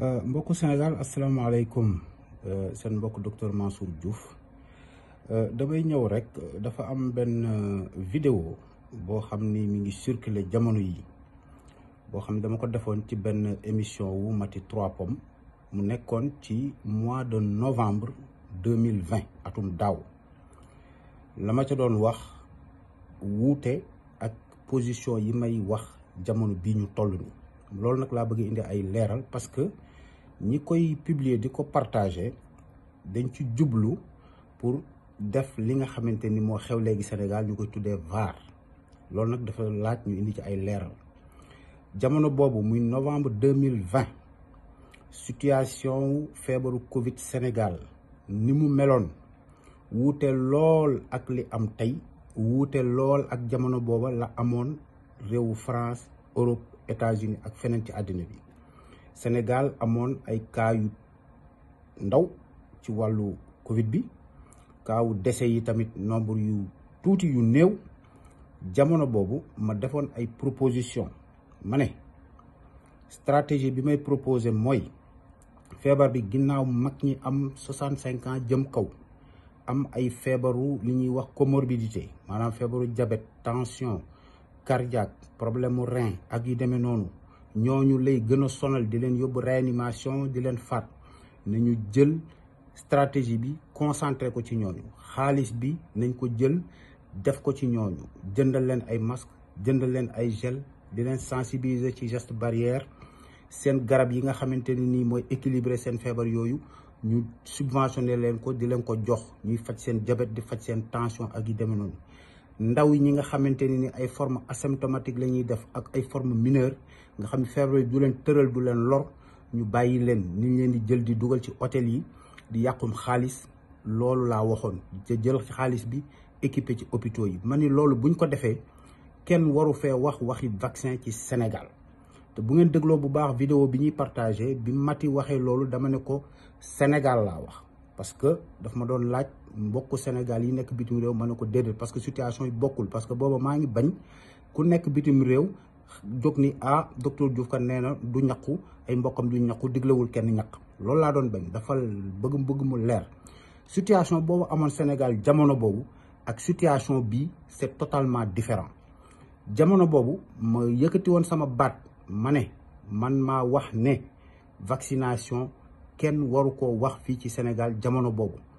Euh, mbokku Sénégal asalaamaaleykum euh, seen mbokk docteur Mansour Diouf euh, damay ñëw rek dafa am benn vidéo boo xam ni mu ngi circuler jamono yi boo xam ne dama ko defoon ci benn émission wu Mati trois pommes mu nekkoon ci mois de novembre deux mille vingt atum daaw la ma ca doon wax wuute ak position yi may wax jamono bii ñu toll ni loolu nag laa bëgg indi ay leeral parce ñi koy publier di ko partager dañ ci pour def li nga xamanteni ni xew léegi Sénégal ñu koy tuddé VAR lool nak dafa laaj ñu indi ci ay leeral jamono bobu muy novembre 2020, mille vingt situation Covid Sénégal ni mu meloon wouté lool ak li am tay wouté lool ak jamono bobu la amone réewu France Europe États-Unis ak fenen ci bi. Sénégal eu ay cas yu ndaw ci walu Covid bi cas nombre yu tout yu new jamono bobu ma defone ay proposition mané, stratégie bi may proposer moy que bi ginnaw mag ñi am 65 ans jëm kaw am ay li ñi wax comorbidité manam diabète tension cardiaque problème rein ak ñoñu lay gëna sonal di leen yóbbu réanimation di leen faat nañu jël stratégie bi concentré ko ci ñoñu xaaliss bi nañ ko jël def ko ci ñoñu jëndal leen ay masque jëndal leen ay gel di leen sensibiliser ci geste barrière seen garab yi nga xamante ni moy équilibrer seen fièvre yoyu ñu subventionné leen ko di leen ko jox ñuy faj seen diabète di faj seen tension ak yi demee noonu ndaw yi nga xamanteni a ni ay forme asymptomatique la ñuy def ak ay forme mineure nga xam Nous du leen teurel du leen lor ñu bayyi ni di jël di duggal ci hôtel yi di yakum xaalis loolu la waxoon Nous jël bi équipé ci yi buñ ko waru fait wax waxi vaccin ci Sénégal te bu ngeen dégglo bu baax vidéo bi ñi partagé bi Mati waxé loolu dama ko Sénégal la parce que daf ma doon laaj Sénégal yi nek bitim parce que situation yi beaucoup parce que bobo ngi bañ ku bitim ah, docteur Diouf kan du ñakku ay mbokam du ñakku diglewul kenn ñak lool la doon bañ dafal bëgg situation bobo amon Sénégal jamono vous ak situation bi c'est totalement différent jamono bobu ma won sama bat mané man wax vaccination kenn waru koo wax fii ci Sénégal jamono boobu